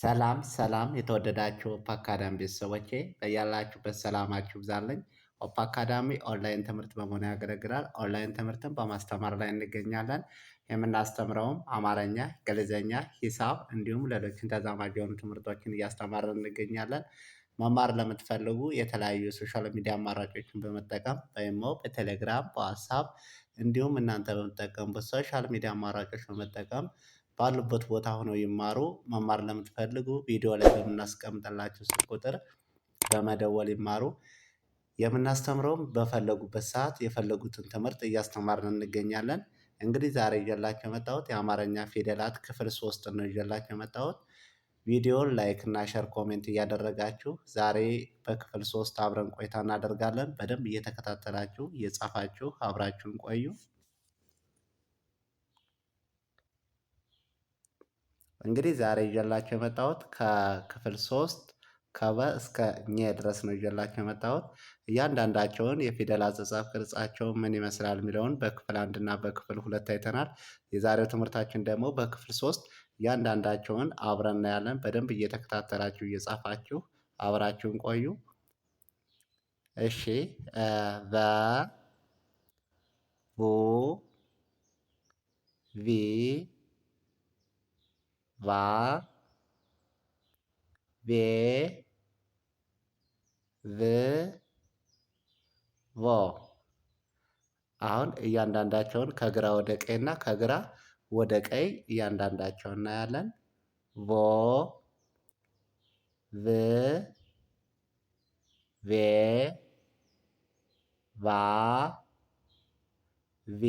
ሰላም ሰላም የተወደዳችሁ ኦፕ አካዳሚ ቤተሰቦቼ በያላችሁበት ሰላማችሁ ብዛለኝ። ኦፕ አካዳሚ ኦንላይን ትምህርት በመሆን ያገለግላል። ኦንላይን ትምህርትን በማስተማር ላይ እንገኛለን። የምናስተምረውም አማርኛ፣ እንግሊዝኛ፣ ሂሳብ እንዲሁም ሌሎችን ተዛማጅ የሆኑ ትምህርቶችን እያስተማርን እንገኛለን። መማር ለምትፈልጉ የተለያዩ ሶሻል ሚዲያ አማራጮችን በመጠቀም በኢሞ፣ በቴሌግራም፣ በዋትሳፕ እንዲሁም እናንተ በምጠቀሙበት ሶሻል ሚዲያ አማራጮች በመጠቀም ባሉበት ቦታ ሆነው ይማሩ። መማር ለምትፈልጉ ቪዲዮ ላይ በምናስቀምጥላቸው ስልክ ቁጥር በመደወል ይማሩ። የምናስተምረውም በፈለጉበት ሰዓት የፈለጉትን ትምህርት እያስተማርን እንገኛለን። እንግዲህ ዛሬ ይዤላችሁ የመጣሁት የአማርኛ ፊደላት ክፍል ሶስት ነው ይዤላችሁ የመጣሁት። ቪዲዮን ላይክ እና ሸር ኮሜንት እያደረጋችሁ ዛሬ በክፍል ሶስት አብረን ቆይታ እናደርጋለን። በደንብ እየተከታተላችሁ እየጻፋችሁ አብራችሁን ቆዩ። እንግዲህ ዛሬ ይዤላችሁ የመጣሁት ከክፍል ሶስት ከበ እስከ ኘ ድረስ ነው ይዤላችሁ የመጣሁት። እያንዳንዳቸውን የፊደል አጻጻፍ ቅርጻቸው ምን ይመስላል የሚለውን በክፍል አንድና በክፍል ሁለት አይተናል። የዛሬው ትምህርታችን ደግሞ በክፍል ሶስት እያንዳንዳቸውን አብረን እናያለን። በደንብ እየተከታተላችሁ እየጻፋችሁ አብራችሁን ቆዩ። እሺ በ ቡ ቪ ቫ ቬ ቭ ቮ። አሁን እያንዳንዳቸውን ከግራ ወደ ቀኝ እና ከግራ ወደ ቀይ እያንዳንዳቸውን እናያለን። ቮ ቭ ቬ ቫ ቪ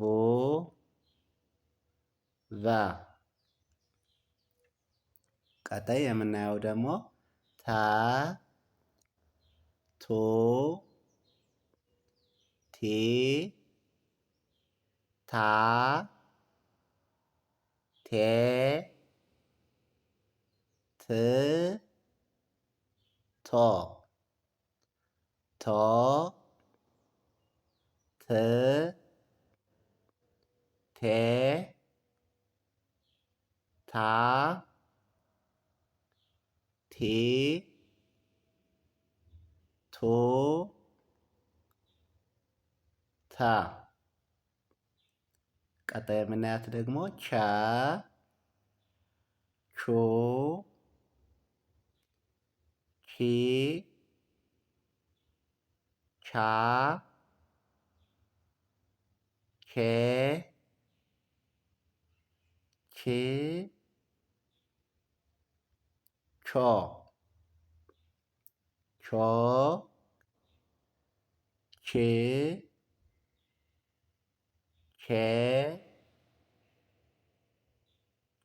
ቮ ቫ። ቀጣይ የምናየው ደግሞ ታ ቶ ቴ ታ ቴ ት ቶ ቶ ት ቴ าทีทูทาก็ต่มันแน่ที่เด็กมชาชูชีชาเคชี ቾ ቾ ቼ ቼ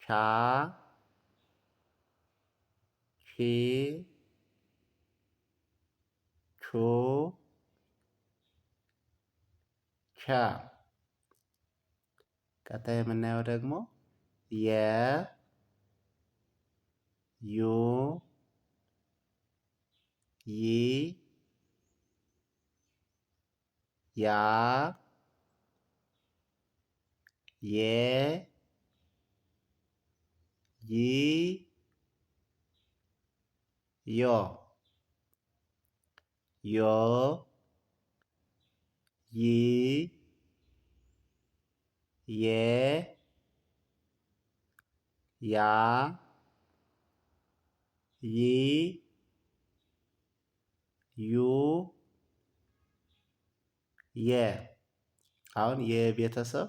ቻ ቺ ቹ ቀጣይ የምናየው ደግሞ የ ዮ ይ ያ የ ይ ዮ ዮ ይ የ ያ ዬ ዩ የ አሁን የቤተሰብ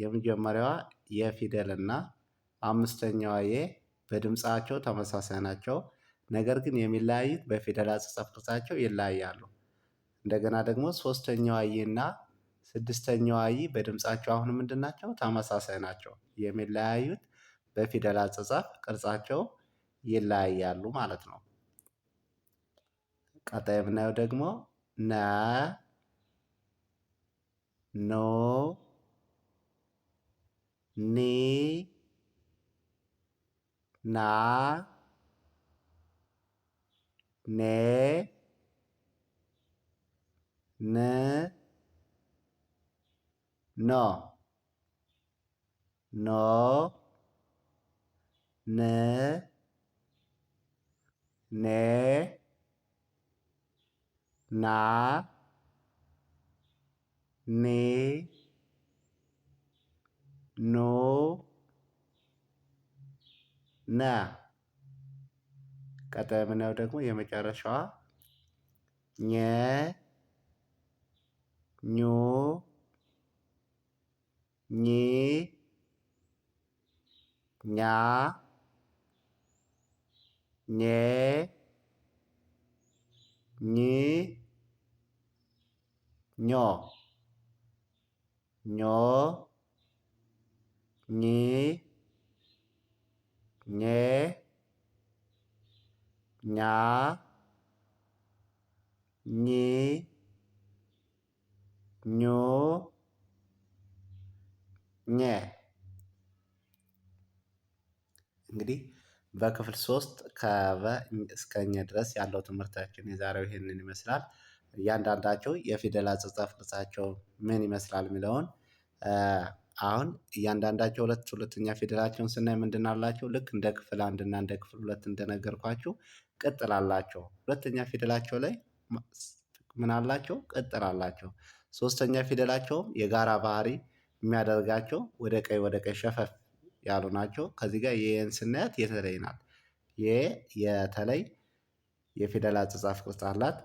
የመጀመሪያዋ የፊደል እና አምስተኛዋ የ በድምፃቸው ተመሳሳይ ናቸው። ነገር ግን የሚለያዩት በፊደል አጻጻፍ ቅርጻቸው ይለያያሉ። እንደገና ደግሞ ሶስተኛዋ ይ እና ስድስተኛዋ ይ በድምፃቸው አሁን ምንድን ናቸው? ተመሳሳይ ናቸው። የሚለያዩት በፊደል አጻጻፍ ቅርጻቸው ይለያያሉ ማለት ነው። ቀጣይ የምናየው ደግሞ ነ ኖ ኒ ና ኔ ን ኖ ኖ ን ኔ ና ኔ ኖ ነ ቀጣይ የምናየው ደግሞ የመጨረሻዋ ኘ ኞ ኜ ኛ ኘ ኝ ኞ ኞ ኝ ኘ ኛ ኚ በክፍል ሶስት ከበ እስከ ኘ ድረስ ያለው ትምህርታችን የዛሬው ይህንን ይመስላል። እያንዳንዳቸው የፊደል አጻጻፍ ቅርጻቸው ምን ይመስላል የሚለውን አሁን እያንዳንዳቸው ሁለት ሁለተኛ ፊደላቸውን ስናይ ምንድናላቸው ልክ እንደ ክፍል አንድና እንደ ክፍል ሁለት እንደነገርኳችሁ ቅጥል አላቸው። ሁለተኛ ፊደላቸው ላይ ምን አላቸው? ቅጥል አላቸው። ሶስተኛ ፊደላቸውም የጋራ ባህሪ የሚያደርጋቸው ወደ ቀይ ወደ ቀይ ሸፈፍ ያሉ ናቸው። ከዚህ ጋር የየን ስናያት የተለይ ናት። ይሄ የተለይ የፊደል አጻጻፍ ቅርጽ አላት።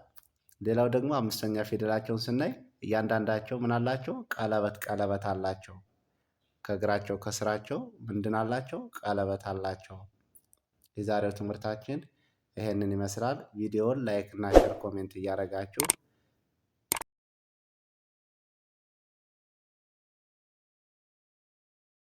ሌላው ደግሞ አምስተኛ ፊደላቸውን ስናይ እያንዳንዳቸው ምን አላቸው? ቀለበት ቀለበት አላቸው። ከእግራቸው ከስራቸው ምንድን አላቸው? ቀለበት አላቸው። የዛሬው ትምህርታችን ይሄንን ይመስላል። ቪዲዮን ላይክ እና ሼር ኮሜንት እያደረጋችሁ